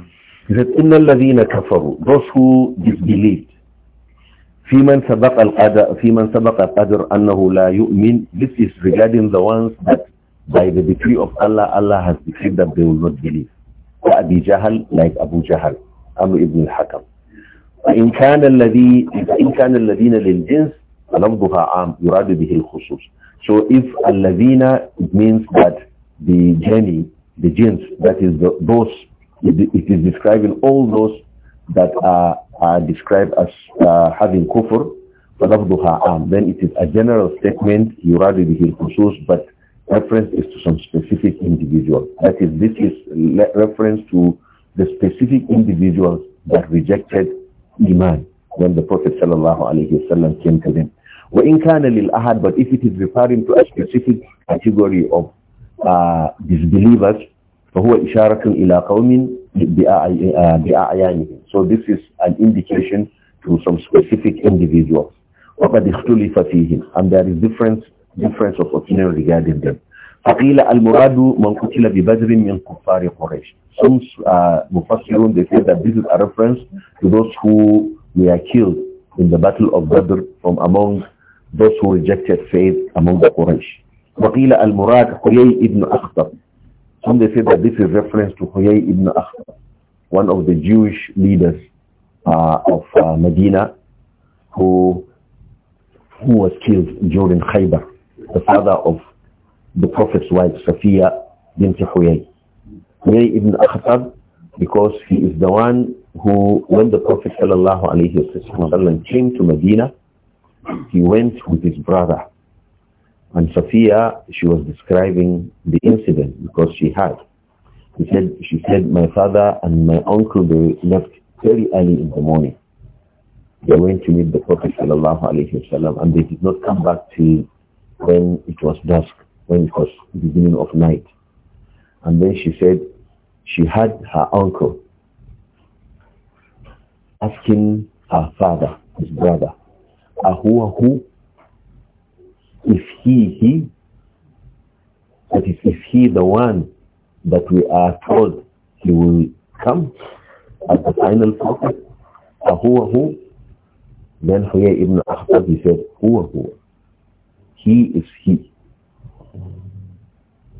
He said, إِنَّ الَّذِينَ كَفَرُوا Those who disbelieved. في من سبق القدر في من سبق القدر أنه لا يؤمن. This is regarding the ones that by the decree of Allah, Allah has decreed that they will not believe. وأبي جهل like أبو جهل أمر ابن الحكم. وإن كان الذي إن كان الذين للجنس لفظها عام يراد به الخصوص. So if الذين it means that the journey, the jinns, that is the, those It is describing all those that are, are described as uh, having kufr, Then it is a general statement, You يُرَادِ بِهِ الْخُصُوص, but reference is to some specific individual. That is, this is reference to the specific individuals that rejected Iman when the Prophet ﷺ came to them. وَإِنْ كَانَ لِلْأَحَدِ But if it is referring to a specific category of uh, disbelievers, فهو إشارة إلى قوم بأعيانهم so this is an indication to some specific individuals وقد اختلف فيهم and there is difference difference of opinion regarding them فقيل المراد من قتل ببدر من كفار قريش some uh, مفسرون they say that this is a reference to those who were killed in the battle of Badr from among those who rejected faith among the Quraysh وقيل المراد قيي ابن أخطب Some they say that this is reference to Huyay ibn Akhtar, one of the Jewish leaders uh, of uh, Medina, who who was killed during Khaybar, the father of the Prophet's wife, Safiya bint Huyay. Huyay ibn Akhtar, because he is the one who, when the Prophet came to Medina, he went with his brother and Safiya, she was describing the incident because she had. She said, she said, my father and my uncle, they left very early in the morning. They went to meet the Prophet sallallahu alayhi wasallam and they did not come back till when it was dusk, when it was beginning of night. And then she said she had her uncle asking her father, his brother, Ahuahu if he, he, that is, if he the one that we are told he will come as the final prophet, huwa hu, then Huyay ibn Akhtab, he said, huwa Hu, He is he.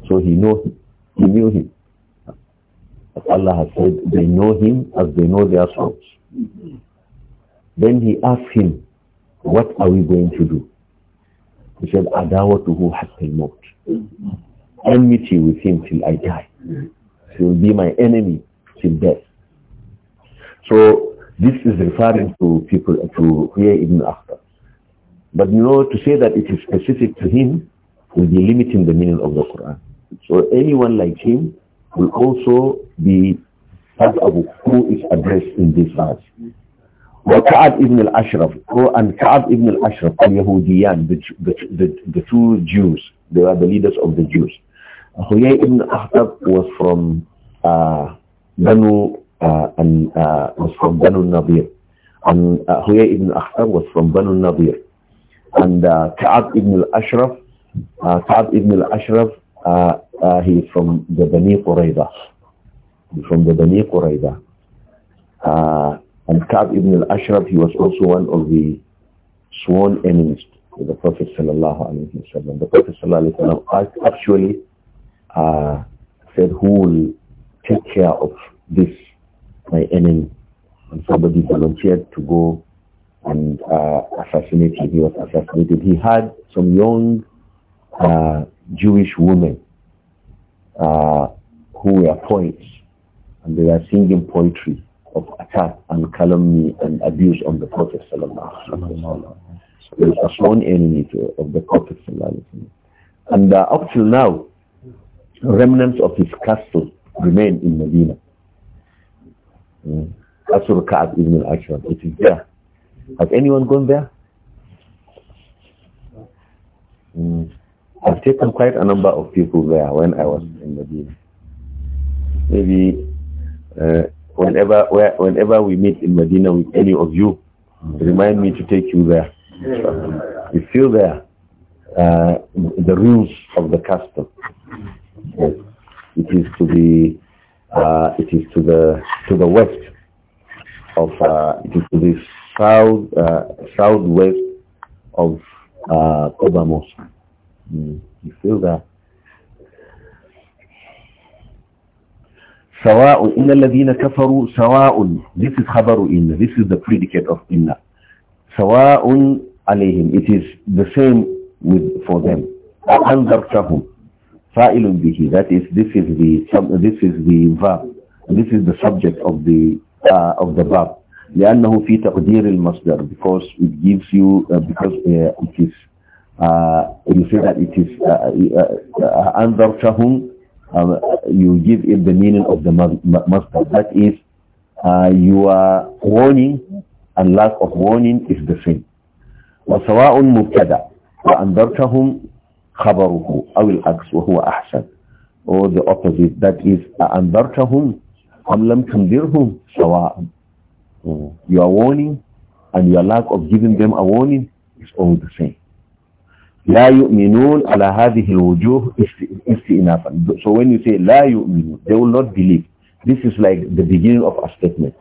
So he knows him. He knew him. As Allah has said, they know him as they know their souls. Then he asked him, what are we going to do? He said, Adawatuhu hatta al Enmity with him till I die. He will be my enemy till death. So this is referring to people, to here Ibn Akhtar. But you know, to say that it is specific to him will be limiting the meaning of the Quran. So anyone like him will also be part of who is addressed in this verse. وكعب ابن الاشرف ashraf and Ka'ab ibn al the, two Jews, they were the leaders of the Jews. Huyay ibn Akhtab was from uh, uh, uh, was from Banu Nadir, and uh, Huyay ibn Akhtab was from بنو Nadir, and uh, Ka'ab الاشرف كعب ashraf uh, Ka'ab uh, uh, he is from the Bani Qurayza, from the Bani Qurayza. Uh, And Ka'b ibn al-Ashraf, he was also one of the sworn enemies of the Prophet sallallahu The Prophet sallallahu actually uh, said, who will take care of this, my enemy? And somebody volunteered to go and uh, assassinate him. He was assassinated. He had some young uh, Jewish women uh, who were poets, and they were singing poetry of attack and calumny and abuse on the Prophet sallallahu He was a sworn enemy to, of the Prophet sallallahu And uh, up till now, remnants of his castle remain in Medina. Hmm. Asr Ka'ab ibn al-Ashwar, is there. Has anyone gone there? Mm. I've taken quite a number of people there when I was in Medina. Maybe uh, whenever where, whenever we meet in Medina with any of you, remind me to take you there. You feel there. Uh, the rules of the custom. It is to the uh, it is to the to the west of uh, it is to the south uh, southwest of uh, Obamos. Mm. You feel that? سواء إن الذين كفروا سواء this is خبر إن this is the predicate of إن سواء عليهم it is the same with for them أنذرتهم فائل به that is this is the this is the verb this is the subject of the uh, of the verb لأنه في تقدير المصدر because it gives you uh, because uh, it is uh, you say that it is أنذرتهم um, you give it the meaning of the master. That is, uh, your warning and lack of warning is the same. وسواء مبتدا وأنذرتهم خبره أو العكس وهو أحسن or the opposite that is أنذرتهم أم لم تنذرهم سواء mm. your warning and your lack of giving them a warning is all the same لا يؤمنون على هذه الوجوه استئنافا. So when you say لا يؤمنون, they will not believe. This is like the beginning of a statement.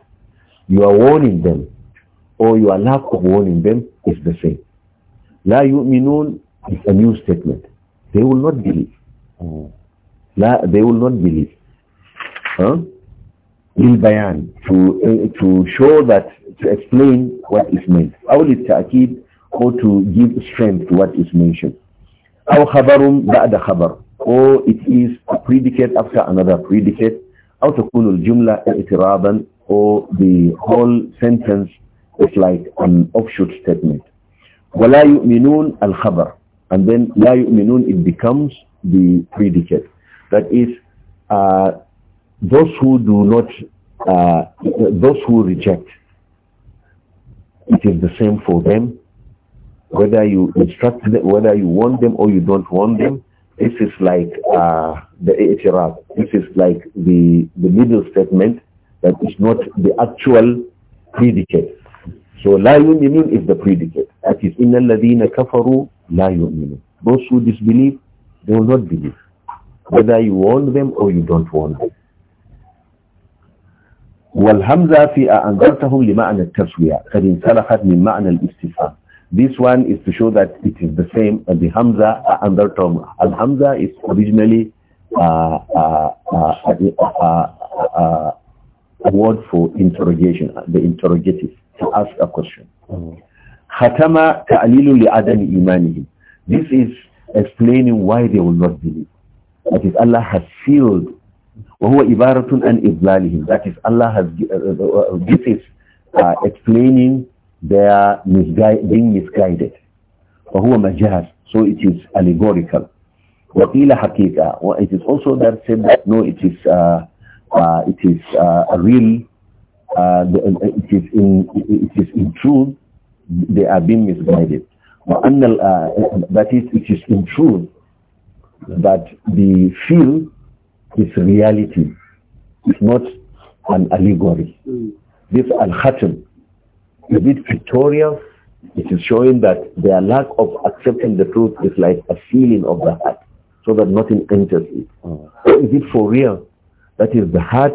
You are warning them or your lack of warning them is the same. لا يؤمنون is a new statement. They will not believe. لا, they will not believe. Huh? للبيان to, uh, to show that to explain what is meant. أو للتأكيد or to give strength to what is mentioned. أو khabarum بعد khabar. or it is a predicate after another predicate أو تكون jumla itiraban. or the whole sentence is like an offshoot statement ولا al khabar, and then لا يؤمنون it becomes the predicate that is uh, those who do not uh, those who reject it is the same for them whether you instruct them, whether you want them or you don't want them, this is like uh, the i'tiraf. This is like the, the middle statement that is not the actual predicate. So la yu'minun is the predicate. That Inna إِنَّ الَّذِينَ كَفَرُوا لَا يُؤْمِنُونَ Those who disbelieve, they will not believe. Whether you want them or you don't want them. والهمزة في أنذرتهم لمعنى التسوية قد انسلخت من معنى الاستفهام this one is to show that it is the same and the Hamza uh, under term. Al Hamza is originally uh, uh, uh, uh, uh a word for interrogation, the interrogative, to ask a question. Mm-hmm. Khatama ta'lilu li adami imanihim. This is explaining why they will not believe. That is Allah has sealed وهو That is Allah has, uh, this is uh, explaining they are misguided, being misguided. فهو مجاز. So it is allegorical. وقيل حقيقة. it is also that said that no, it is, uh, uh, it is uh, a real, uh, it is in, it is in truth, they are being misguided. وأن, uh, that is, it is in truth that the feel is reality. It's not an allegory. Hmm. This al-khatim, a bit pictorial. It is showing that their lack of accepting the truth is like a sealing of the heart so that nothing enters it. Oh. is it for real? That is the heart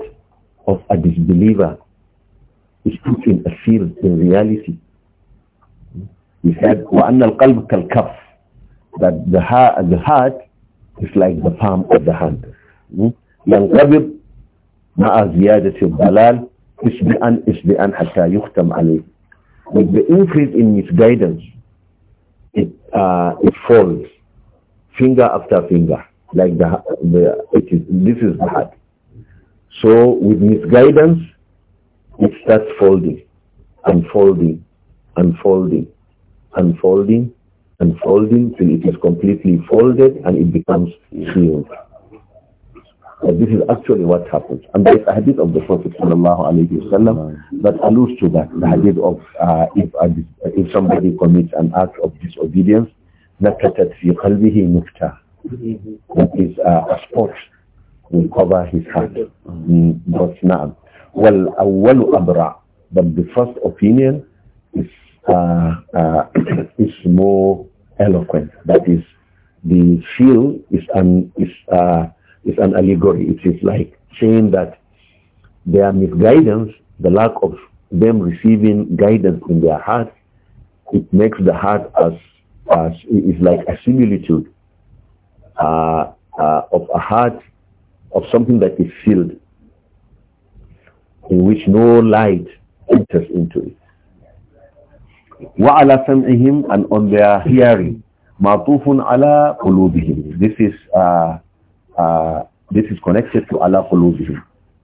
of a disbeliever is put in a seal in reality. He said, an الْقَلْبُ كَالْكَفْ That the heart, the heart is like the palm of the hand. ينقبض مع زيادة الضلال إشبئا إشبئا حتى يختم عليه with the increase in misguidance, it, uh, it falls finger after finger, like the, the it is, this is bad. So with misguidance, it starts folding, unfolding, unfolding, unfolding, unfolding till it is completely folded and it becomes sealed. Uh, this is actually what happens. And there's a hadith of the Prophet wasallam that alludes to that. The hadith of uh, if, uh, uh, if somebody commits an act of disobedience, نَكَتَتْ فِي قَلْبِهِ نُكْتَةً That is uh, a spot will cover his heart. Mm, but now, well, أول أبرع. But the first opinion is, is more eloquent. That is, the seal is, an, is is an allegory. It is like saying that their misguidance, the lack of them receiving guidance in their heart, it makes the heart as, as it's like a similitude uh, uh, of a heart of something that is sealed, in which no light enters into it. وَعَلَى سَمْعِهِمْ and on their hearing. مَعْطُوفٌ عَلَى قُلُوبِهِمْ This is uh, uh, this is connected to ala qulubihim.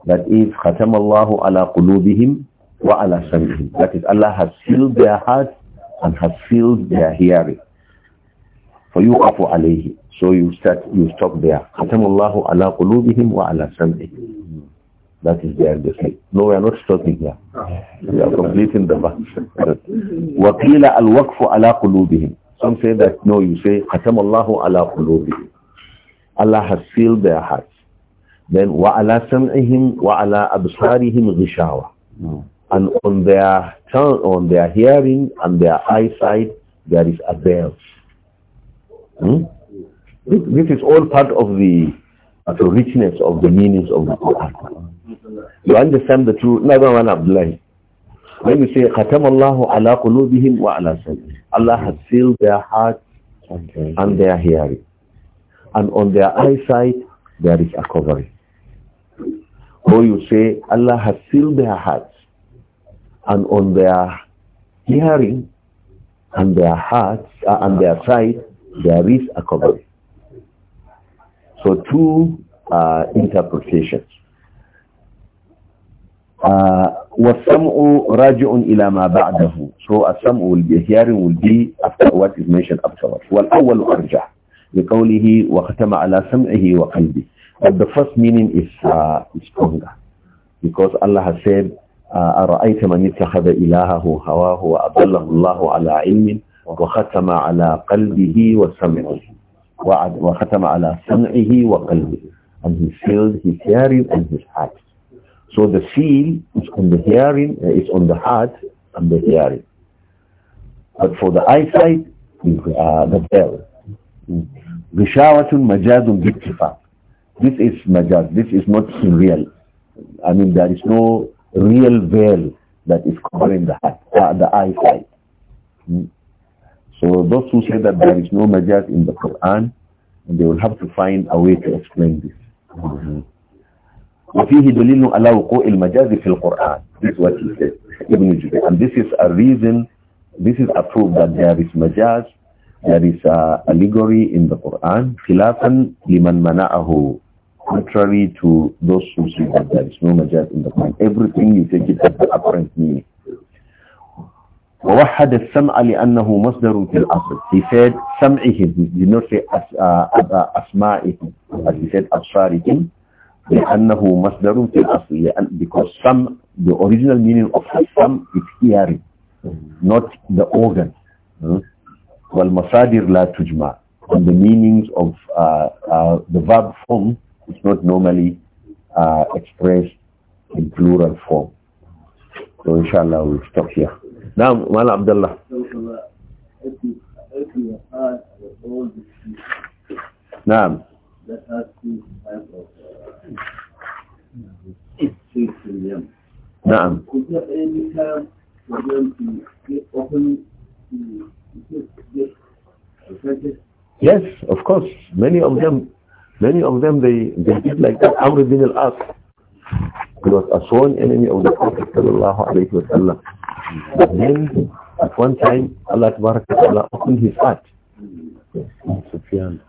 That is, khatamallahu ala qulubihim wa ala samihim. That is, Allah has filled their hearts and has filled their hearing. For you afu alayhi. So you start, you stop there. Khatamallahu ala qulubihim wa ala samihim. That is there, the sleep. No, we are not stopping here. We are completing the verse. وَقِيلَ الْوَقْفُ عَلَى قُلُوبِهِمْ Some say that, no, you say, خَتَمَ اللَّهُ عَلَى قُلُوبِهِمْ Allah has sealed their hearts. Then وَعَلَىٰ سَمْعِهِمْ وَعَلَىٰ أَبْصَارِهِمْ غِشَاوَةً mm. And on their tongue, on their hearing and their eyesight, there is a veil. Hmm? This, this, is all part of the, of the richness of the meanings of the Quran. You understand the truth. Never one Abdullah. When you say, Khatam Allahu ala qulubihim wa ala Allah has sealed their hearts and their hearing and on their eyesight there is a covering. Or you say Allah has sealed their hearts and on their hearing and their hearts uh, and their sight there is a covering. So two uh, interpretations. Uh, راجع إلى ما بعده so السمع will be hearing will be after what is mentioned afterwards والأول أرجح بقوله وختم على سمعه وقلبه. But the first meaning is, uh, stronger because Allah has said, أرأيت من اتخذ إلهه هواه وأضله الله على علم وختم على قلبه وسمعه وختم على سمعه وقلبه and he sealed his hearing and his heart. So the seal is on the hearing, uh, is on the heart and the hearing. But for the eyesight is uh, the bell Gishawatun majazun bittifaq. This is majaz. This is not real. I mean, there is no real veil that is covering the, heart, uh, the eyesight. Hmm? So those who say that there is no majaz in the Quran, they will have to find a way to explain this. Mm-hmm. وفيه دليل على وقوع المجاز في القرآن. This is what he said, Ibn Jubayr. And this is a reason, this is a proof that there is majaz there is a allegory in the Quran, khilafan liman mana'ahu, contrary to those who say that there is no majaz in the Quran. Everything you take it as the apparent meaning. ووحد السمع لأنه مصدر في الأصل. He said سمعهم, he did not say as, uh, أسمائهم, uh, as he said أبصارهم, لأنه مصدر في الأصل. Because some, the original meaning of some is hearing, not the organ. Hmm? wal masadir la tujma On the meanings of uh, uh, the verb form is not normally uh, expressed in plural form. So inshallah we'll stop here. Now, Mal Abdullah. Naam. Naam. Is there any time for them to open Yes, of course. Many of them, many of them, they, they did like that. Amr bin al-As, he was a sworn enemy of the Prophet sallallahu alayhi wa sallam. then, at one time, Allah ta'ala opened his heart. Sufyan.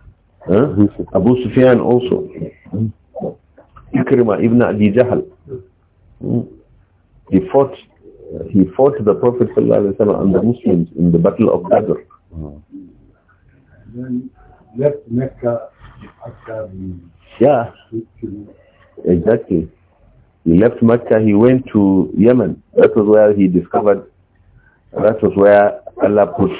Huh? Abu Sufyan also. Ikrimah ibn Abi Jahl. Hmm. He fought he fought the Prophet ﷺ and the Muslims in the Battle of Badr. Then left Mecca Yeah, exactly. He left Mecca, he went to Yemen. That was where he discovered, that was where Allah put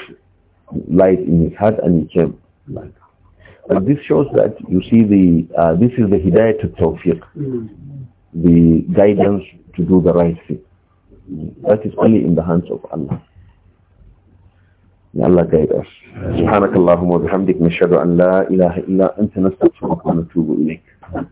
light in his heart and he came. But this shows that, you see, the uh, this is the hidayah to tawfiq, hmm. the guidance to do the right thing. That is only in the hands of Allah. May Allah guide us. Subhanakallahumma bihamdik. Nashadu an la ilaha illa anta nasta'afu